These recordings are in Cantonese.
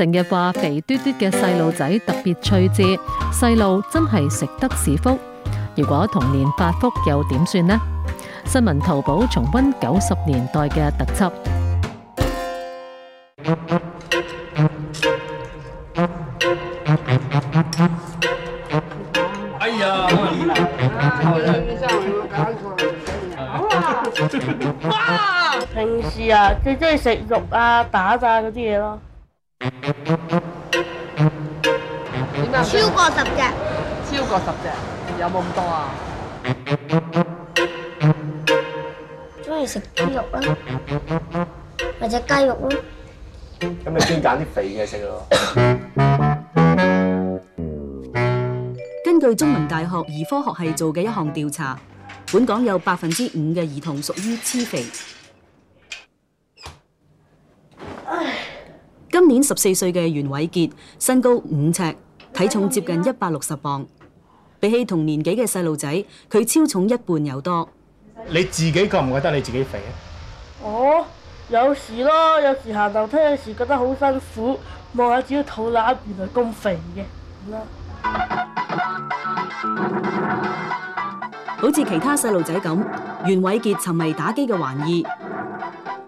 成日話肥嘟嘟嘅細路仔特別趣致，細路真係食得是福。如果童年發福又點算呢？新聞掏寶重溫九十年代嘅特輯。哎呀！哇！平時啊，最中意食肉啊、打炸嗰啲嘢咯。超過十隻，超過十隻，有冇咁多啊？中意食豬肉啊？或者雞肉咯。咁你先揀啲肥嘅食咯。根據中文大學兒科學系做嘅一項調查，本港有百分之五嘅兒童屬於癡肥。今年十四歲嘅袁偉傑，身高五尺，體重接近一百六十磅，比起同年紀嘅細路仔，佢超重一半有多。你自己覺唔覺得你自己肥啊？我、哦、有時咯，有時行樓梯，有時覺得好辛苦，望下自己肚腩，原來咁肥嘅。好似其他細路仔咁，袁偉傑沉迷打機嘅玩意。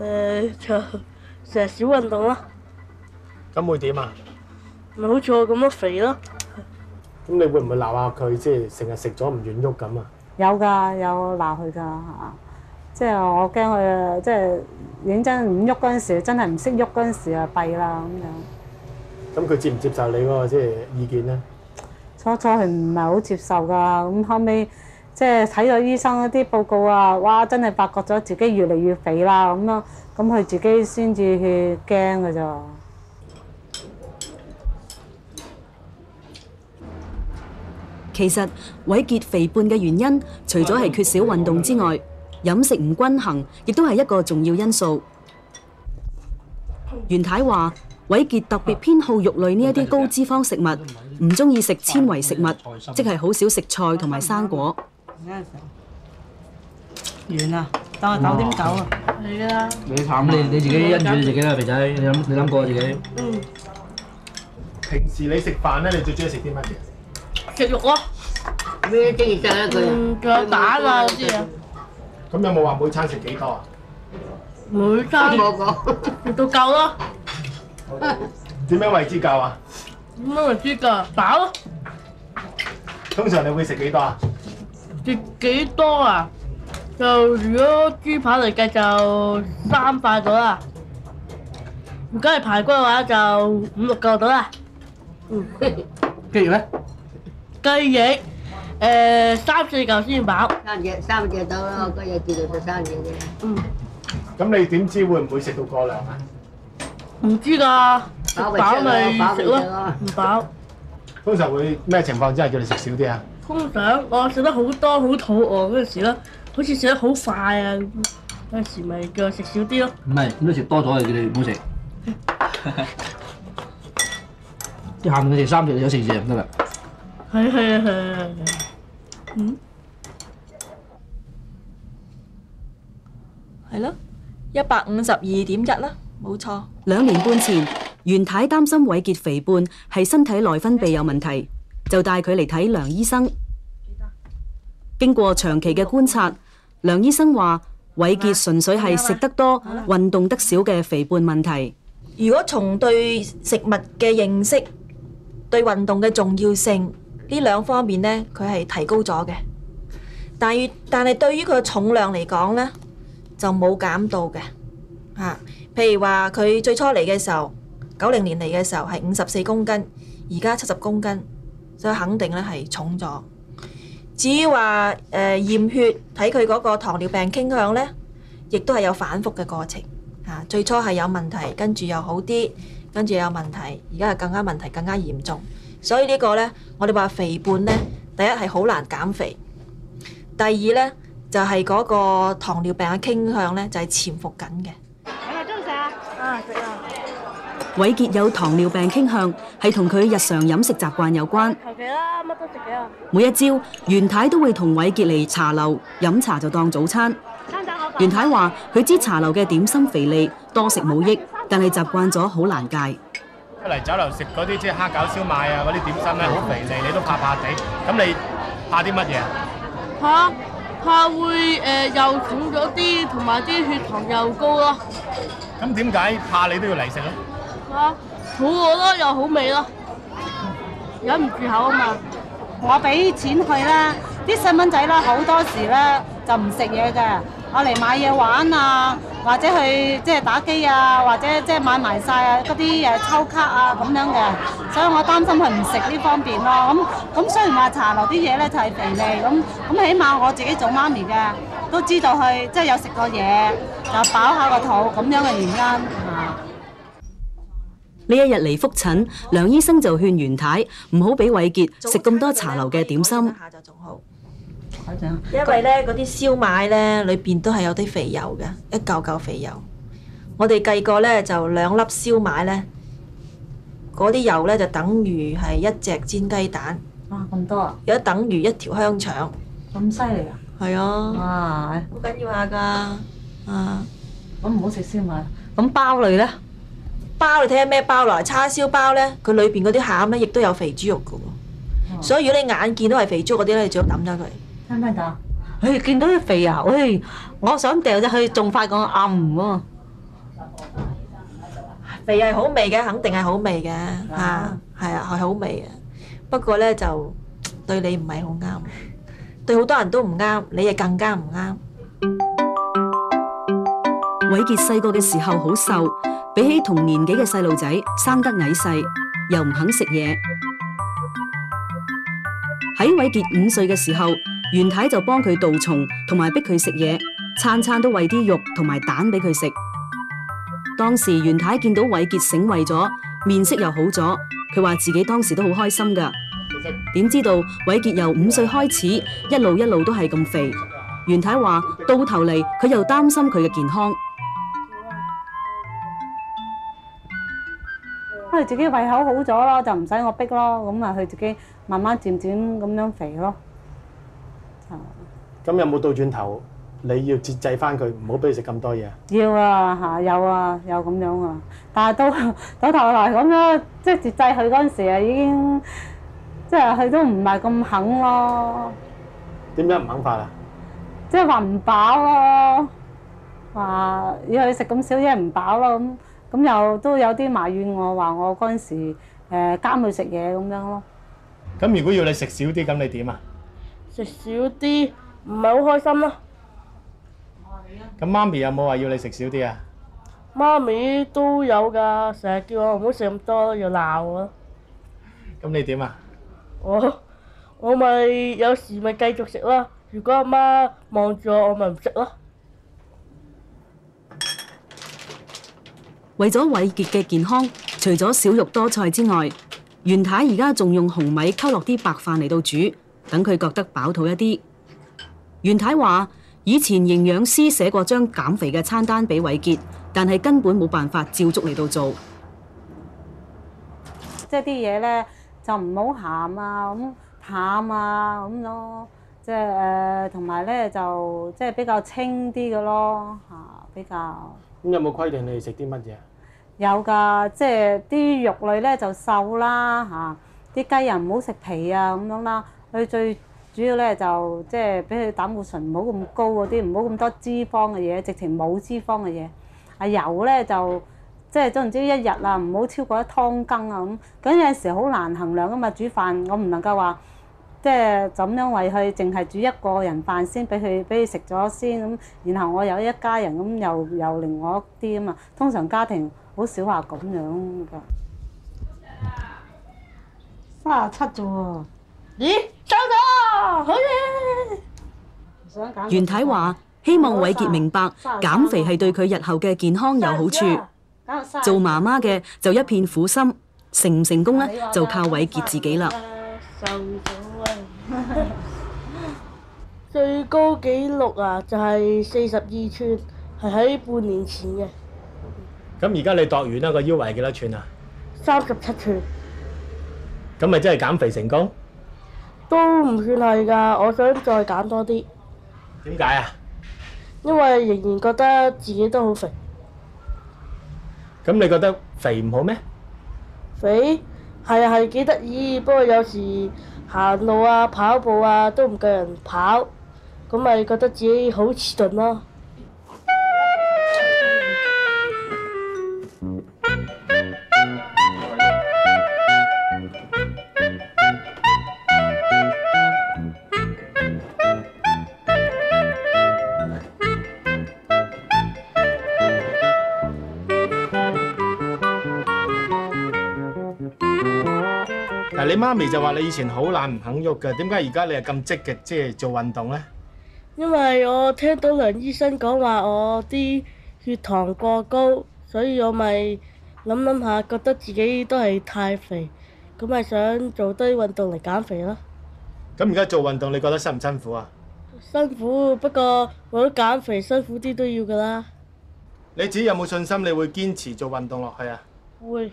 誒就成日少運動囉，咁會點啊？咪好似我咁樣肥咯。咁你會唔會鬧下佢，即係成日食咗唔願喐咁啊？有㗎，有鬧佢㗎嚇。即係我驚佢啊，即係認真唔喐嗰陣時，真係唔識喐嗰陣時啊，弊啦咁樣。咁佢接唔接受你個即係意見咧？初初係唔係好接受㗎，咁後尾。即係睇咗醫生嗰啲報告啊！哇，真係發覺咗自己越嚟越肥啦咁咯，咁佢自己先至去驚㗎咋。其實，偉傑肥胖嘅原因，除咗係缺少運動之外，飲食唔均衡，亦都係一個重要因素。袁太話：偉傑特別偏好肉類呢一啲高脂肪食物，唔中意食纖維食物，即係好少食菜同埋生果。完啊，等我九點九啊，你啦。你慘，你你自己欣悅自己啦，肥仔，你諗你諗過自己。嗯。平時你食飯咧，你最中意食啲乜嘢？食肉咯。咩經驗食啊？仲有蛋啊，好似啊。咁有冇話每餐食幾多啊？每餐六個，食到夠咯。點樣為之夠啊？點樣為之夠？飽。通常你會食幾多啊？食幾多啊？就如果豬排嚟計就三塊到啦。而家係排骨嘅話就五六嚿到啦。嗯，雞翼咧？雞翼誒，三四嚿先飽。三隻，三隻到啦，我今日做到就三隻啫。嗯。咁你點知會唔會食到過量啊？唔知㗎，飽咪食咯，唔飽。通常會咩情況之下叫你食少啲啊？通常，我食得好多，好肚餓嗰陣時咯，好似食得好快啊！嗰陣時咪叫我食少啲咯。唔係，咁都食多咗，你哋唔好食。啲午是 你哋三隻，你有四隻就唔得啦。係係係，嗯，係咯，一百五十二點一啦，冇錯。兩年半前，袁太擔心偉傑肥胖係身體內分泌有問題。就帶佢嚟睇梁醫生。經過長期嘅觀察，梁醫生話偉杰純粹係食得多、運動得少嘅肥胖問題。如果從對食物嘅認識、對運動嘅重要性呢兩方面呢，佢係提高咗嘅。但係但係對於佢嘅重量嚟講呢，就冇減到嘅吓，啊。譬如話佢最初嚟嘅時候，九零年嚟嘅時候係五十四公斤，而家七十公斤。所以肯定呢係重咗。至於話誒驗血睇佢嗰個糖尿病傾向呢，亦都係有反覆嘅過程嚇。最初係有問題，跟住又好啲，跟住又有問題，而家係更加問題更加嚴重。所以呢個呢，我哋話肥胖呢，第一係好難減肥，第二呢就係嗰個糖尿病嘅傾向呢就係潛伏緊嘅。係啊，張生啊，啊，係啊。偉傑有糖尿病傾向，係同佢日常飲食習慣有關。求其啦，乜都食嘅。每一朝，袁太都會同偉傑嚟茶樓飲茶，就當早餐。袁太話佢知茶樓嘅點心肥膩，多食冇益，但係習慣咗好難戒。嚟酒樓食嗰啲即係蝦餃、燒賣啊，嗰啲點心咧好肥膩，你都怕怕哋。咁你怕啲乜嘢啊？吓，怕會誒又重咗啲，同埋啲血糖又高咯。咁點解怕你都要嚟食啊？肚餓咯，又好味咯，忍唔住口啊嘛！我俾錢佢啦，啲細蚊仔啦，好多時咧就唔食嘢嘅，我嚟買嘢玩啊，或者去即係打機啊，或者即係買埋晒啊嗰啲誒抽卡啊咁樣嘅，所以我擔心佢唔食呢方面咯。咁咁雖然話茶樓啲嘢咧就係肥膩，咁咁起碼我自己做媽咪嘅都知道佢即係有食過嘢，就飽下個肚咁樣嘅原因。呢一日嚟復診，好梁醫生就勸袁太唔好俾偉傑食咁多茶樓嘅點心，下就仲好，因為咧嗰啲燒賣咧裏邊都係有啲肥油嘅，一嚿嚿肥油。我哋計過咧就兩粒燒賣咧，嗰啲油咧就等於係一隻煎雞蛋。哇，咁多啊！有等於一條香腸。咁犀利啊！係啊！哇，好緊要下㗎。啊，咁唔好食燒賣。咁包類咧？包，你睇下咩包嚟，叉燒包咧，佢裏邊嗰啲餡咧亦都有肥豬肉噶喎，所以如果你眼見到係肥豬嗰啲咧，就要抌咗佢。聽唔聽到？誒，見到啲肥啊，誒，我想掉咗佢，仲快過暗喎。肥係好味嘅，肯定係好味嘅吓，係啊，係好味嘅。不過咧就對你唔係好啱，對好多人都唔啱，你又更加唔啱。偉傑細個嘅時候好瘦。.比起同年紀嘅細路仔，生得矮細又唔肯食嘢。喺偉傑五歲嘅時候，袁太就幫佢杜蟲同埋逼佢食嘢，餐餐都餵啲肉同埋蛋俾佢食。當時袁太見到偉傑醒胃咗，面色又好咗，佢話自己當時都好開心噶。點知道偉傑由五歲開始一路一路都係咁肥，袁太話到頭嚟佢又擔心佢嘅健康。佢自己胃口好咗咯，就唔使我逼咯，咁啊，佢自己慢慢、漸漸咁樣肥咯。咁有冇倒轉頭？你要節制翻佢，唔好俾佢食咁多嘢。要啊，嚇，啊，有啊，有咁樣啊。但係到到頭嚟咁樣，即係節制佢嗰陣時啊，已經即係佢都唔係咁肯咯。點解唔肯食啊？即係話唔飽咯，話要佢食咁少嘢唔飽咯咁。咁又都有啲埋怨我，話我嗰陣時誒監佢食嘢咁樣咯。咁如果要你食少啲，咁你點啊？食少啲唔係好開心咯。咁媽咪有冇話要你食少啲啊？媽咪都有㗎，成日叫我唔好食咁多，要鬧我。咁你點啊？我我咪有時咪繼續食咯。如果阿媽望住我，我咪唔食咯。為咗偉傑嘅健康，除咗少肉多菜之外，袁太而家仲用紅米溝落啲白飯嚟到煮，等佢覺得飽肚一啲。袁太話以前營養師寫過張減肥嘅餐單俾偉傑，但係根本冇辦法照足嚟到做。即係啲嘢呢，就唔好鹹啊，咁淡啊，咁咯。即係誒，同埋呢，就即係、即係、比較清啲嘅咯，吓比較。咁有冇規定你哋食啲乜嘢？有㗎，即係啲肉類咧就瘦啦嚇，啲、啊、雞又唔好食皮啊咁樣啦。佢最主要咧就即係俾佢膽固醇唔好咁高嗰啲，唔好咁多脂肪嘅嘢，直情冇脂肪嘅嘢。啊油咧就即係總之一日啊唔好超過一湯羹啊咁。咁有時好難衡量㗎嘛，煮飯我唔能夠話。即係咁樣為佢，淨係煮一個人飯先俾佢，俾佢食咗先咁。然後我有一家人咁，又又另外一啲咁啊嘛。通常家庭好少話咁樣㗎。三十七咋喎？咦，走咗，好嘢！袁太話：希望偉傑明白，減肥係對佢日後嘅健康有好處。做媽媽嘅就一片苦心，成唔成功呢，哎、呀就靠偉傑自己啦。 最高紀錄啊，就係四十二寸，係喺半年前嘅。咁而家你度完啦，個腰圍幾多寸啊？三十七寸。咁咪真係減肥成功？都唔算係噶，我想再減多啲。點解啊？因為仍然覺得自己都好肥。咁你覺得肥唔好咩？肥？係啊，係幾得意，不過有，有時。行路啊，跑步啊，都唔夠人跑，咁咪覺得自己好遲鈍咯～媽咪就話你以前好懶唔肯喐嘅，點解而家你係咁積極，即係做運動呢？因為我聽到梁醫生講話我啲血糖過高，所以我咪諗諗下，覺得自己都係太肥，咁咪想做低運動嚟減肥咯。咁而家做運動你覺得辛唔辛苦啊？辛苦，不過為咗減肥，辛苦啲都要噶啦。你自己有冇信心你會堅持做運動落去啊？會。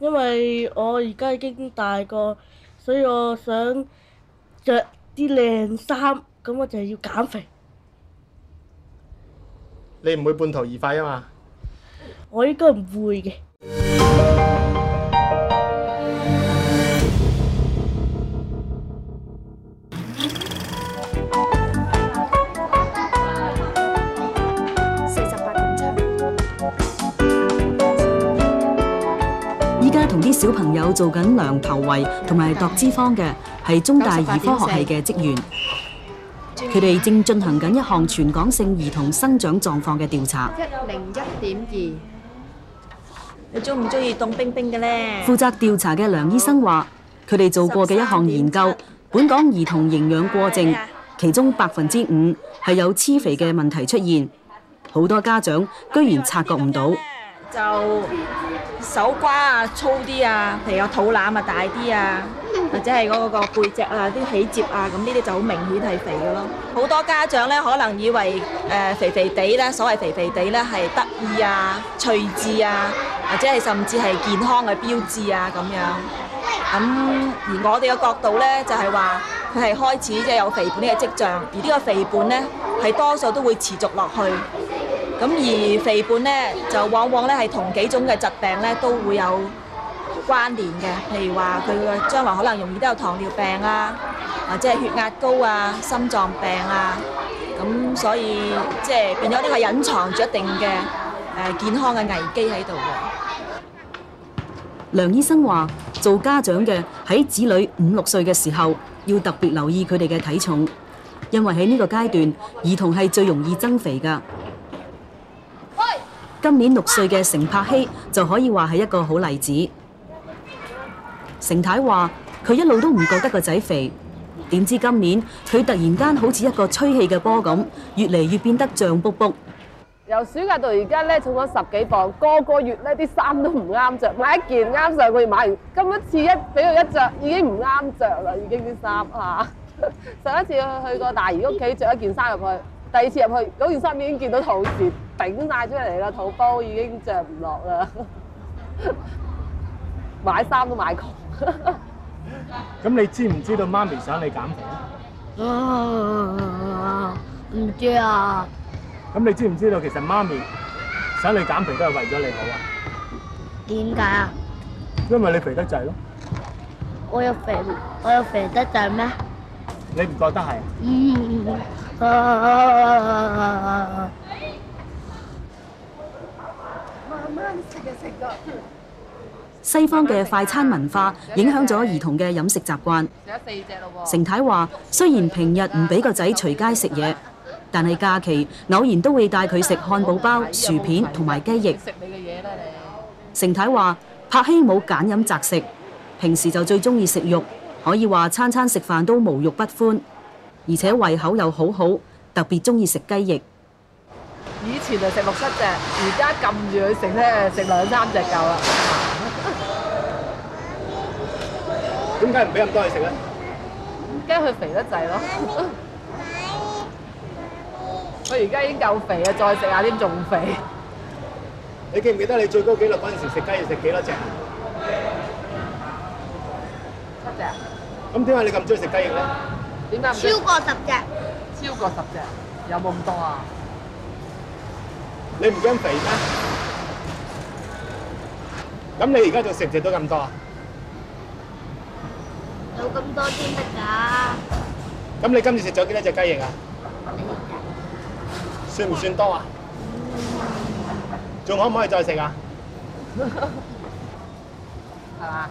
因為我而家已經大個，所以我想着啲靚衫，咁我就係要減肥。你唔會半途而廢吖嘛？我應該唔會嘅。小朋友做緊量頭圍同埋度脂肪嘅係中大兒科學系嘅職員，佢哋 98. 4. 正進行緊一項全港性兒童生長狀況嘅調查。01. 02. 你鍾唔鍾意凍冰冰嘅咧？負責調查嘅梁醫生話，佢哋好做過嘅一項研究，本港兒童營養過剩，其中百分之五係有黐肥嘅問題出現，好多家長居然察覺唔到。就手瓜啊粗啲啊，譬如個肚腩啊大啲啊，或者係嗰個個背脊啊啲起折啊，咁呢啲就好明顯係肥嘅咯。好多家長咧可能以為誒、呃、肥肥哋咧，所謂肥肥哋咧係得意啊、趣致啊，或者係甚至係健康嘅標誌啊咁樣。咁、嗯、而我哋嘅角度咧就係話佢係開始即係有肥胖呢個跡象，而呢個肥胖咧係多數都會持續落去。咁而肥胖呢，就往往咧係同幾種嘅疾病咧都會有關聯嘅，譬如話佢嘅將來可能容易都有糖尿病啊，或者係血壓高啊、心臟病啊。咁所以即係變咗呢個隱藏住一定嘅誒健康嘅危機喺度嘅。梁醫生話：做家長嘅喺子女五六歲嘅時候，要特別留意佢哋嘅體重，因為喺呢個階段，兒童係最容易增肥㗎。今年六歲嘅程柏希就可以話係一個好例子。程太話佢一路都唔覺得個仔肥，點知今年佢突然間好似一個吹氣嘅波咁，越嚟越變得脹卜卜。由暑假到而家咧，重咗十幾磅，個個月咧，啲衫都唔啱着，買一件啱上個月買完，今一次一俾佢一着已經唔啱着啦，已經啲衫啊！上一次去去過大姨屋企着一件衫入去。第二次入去，嗰件衫已經見到肚臍，頂晒出嚟啦，肚煲已經著唔落啦，買衫都買窮。咁你知唔知道媽咪想你減肥？唔知啊。咁你知唔知道其實媽咪想你減肥都係為咗你好啊？點解啊？因為你肥得滯咯。我有肥，我有肥得滯咩？你唔覺得係？嗯。西方嘅快餐文化影響咗兒童嘅飲食習慣。成太話：雖然平日唔俾個仔隨街食嘢，是但係假期偶然都會帶佢食漢堡包、薯片同埋雞翼。成太話：柏希冇揀飲擇食，平時就最鍾意食肉，可以話餐餐食飯都無肉不歡。而且胃口又好好，特別中意食雞翼。以前就食六七隻，而家撳住佢食咧，食兩三隻夠啦。點解唔俾咁多佢食咧？驚佢肥得滯咯。佢而家已經夠肥啊，再食下啲仲肥。你記唔記得你最高紀錄嗰陣時食雞翼食幾多隻？七隻。咁點解你咁中意食雞翼咧？超過十隻，超過十隻，有冇咁多啊？你唔驚肥咩？咁你而家仲食唔食到咁多啊？有咁多先得㗎。咁你今次食咗幾多隻雞翼啊？十二隻，算唔算多啊？仲可唔可以再食啊？係嘛？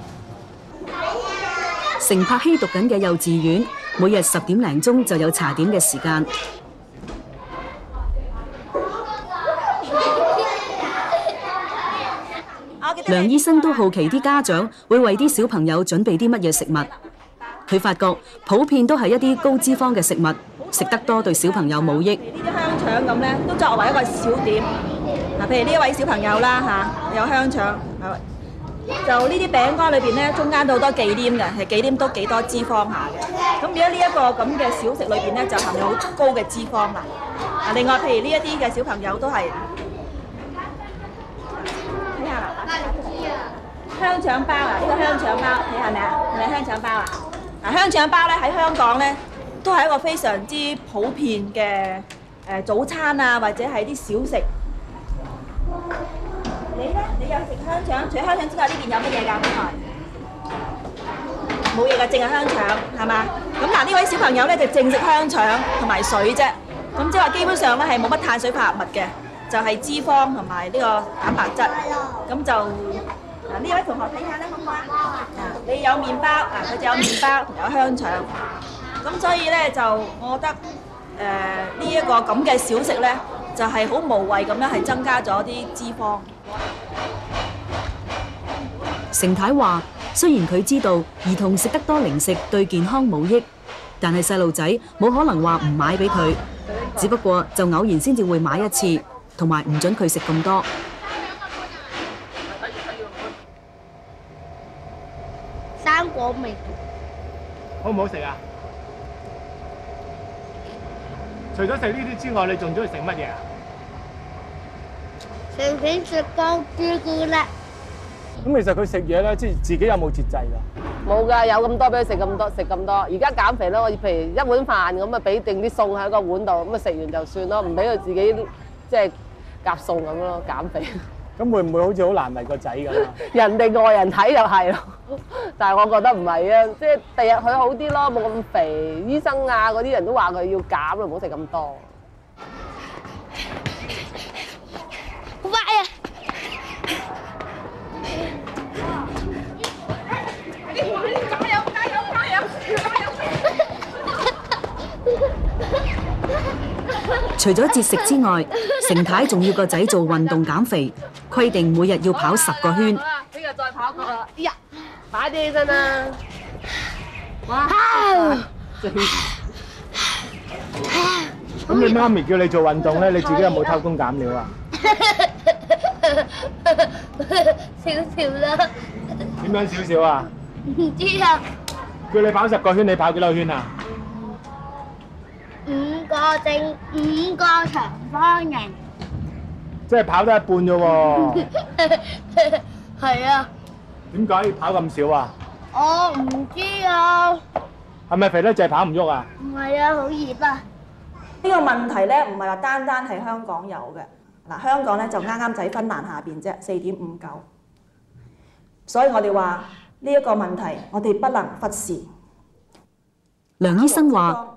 成柏希讀緊嘅幼稚園。每日十點零鐘就有茶點嘅時間。梁醫生都好奇啲家長會為啲小朋友準備啲乜嘢食物，佢發覺普遍都係一啲高脂肪嘅食物，食得多對小朋友冇益。呢啲香腸咁咧，都作為一個小點。嗱，譬如呢一位小朋友啦，吓有香腸。就呢啲餅乾裏邊咧，中間都好多忌廉嘅，係忌廉都幾多脂肪吓嘅。咁如果呢一個咁嘅小食裏邊咧，就含有好高嘅脂肪啦。啊，另外譬如呢一啲嘅小朋友都係，睇下啦，香腸包啊，呢個香腸包，睇下咩啊，係咪香腸包啊？嗱，香腸包咧喺香港咧，都係一個非常之普遍嘅誒早餐啊，或者係啲小食，你咧？你有食香腸？除咗香腸之外，呢邊有乜嘢噶？冇嘢噶，淨係香腸，係嘛？咁嗱，呢位小朋友咧就淨食香腸同埋水啫。咁即係話基本上咧係冇乜碳水化合物嘅，就係脂肪同埋呢個蛋白質。咁就嗱，呢位同學睇下咧，好唔好啊？你有麵包啊？佢就有麵包同有香腸。咁所以咧就我覺得誒呢一個咁嘅小食咧就係好無謂咁樣係增加咗啲脂肪。成太話，雖然佢知道兒童食得多零食對健康冇益，但係細路仔冇可能話唔買俾佢，只不過就偶然先至會買一次，同埋唔准佢食咁多。生果味，好唔好食啊？除咗食呢啲之外，你仲中意食乜嘢啊？上次雪糕朱古力。咁其實佢食嘢咧，即係自己有冇節制噶？冇噶，有咁多俾佢食咁多食咁多，而家減肥咯。我譬如一碗飯咁啊，俾定啲餸喺個碗度，咁啊食完就算咯，唔俾佢自己即係夾餸咁咯，減肥。咁會唔會好似好難為個仔咁啊？ 人哋外人睇就係咯，但係我覺得唔係啊，即係第日佢好啲咯，冇咁肥。醫生啊，嗰啲人都話佢要減啊，唔好食咁多。除咗節食之外，成太仲要個仔做運動減肥，規定每日要跑十個圈。呢個再跑過，哎呀快啲起身啦！哇！咁你媽咪叫你做運動咧，你自己有冇偷工減料啊？少少啦。點樣少少啊？唔知啊。叫你跑十個圈，你跑幾多圈啊？個剩五個長方形，即係跑得一半啫喎。係啊。點解要跑咁少啊？我唔知啊。係咪肥得滯跑唔喐啊？唔係啊，好熱啊！呢個問題咧，唔係話單單係香港有嘅。嗱，香港咧就啱啱仔芬蘭下邊啫，四點五九。所以我哋話呢一個問題，我哋不能忽視。梁醫生話。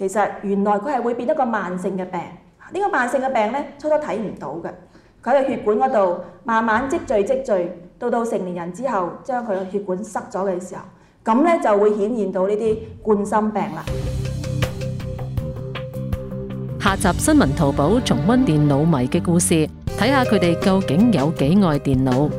其實原來佢係會變一個慢性嘅病，呢個慢性嘅病咧初初睇唔到嘅，佢喺血管嗰度慢慢積聚積聚，到到成年人之後將佢嘅血管塞咗嘅時候，咁咧就會顯現到呢啲冠心病啦。下集新聞掏寶重溫電腦迷嘅故事，睇下佢哋究竟有幾愛電腦。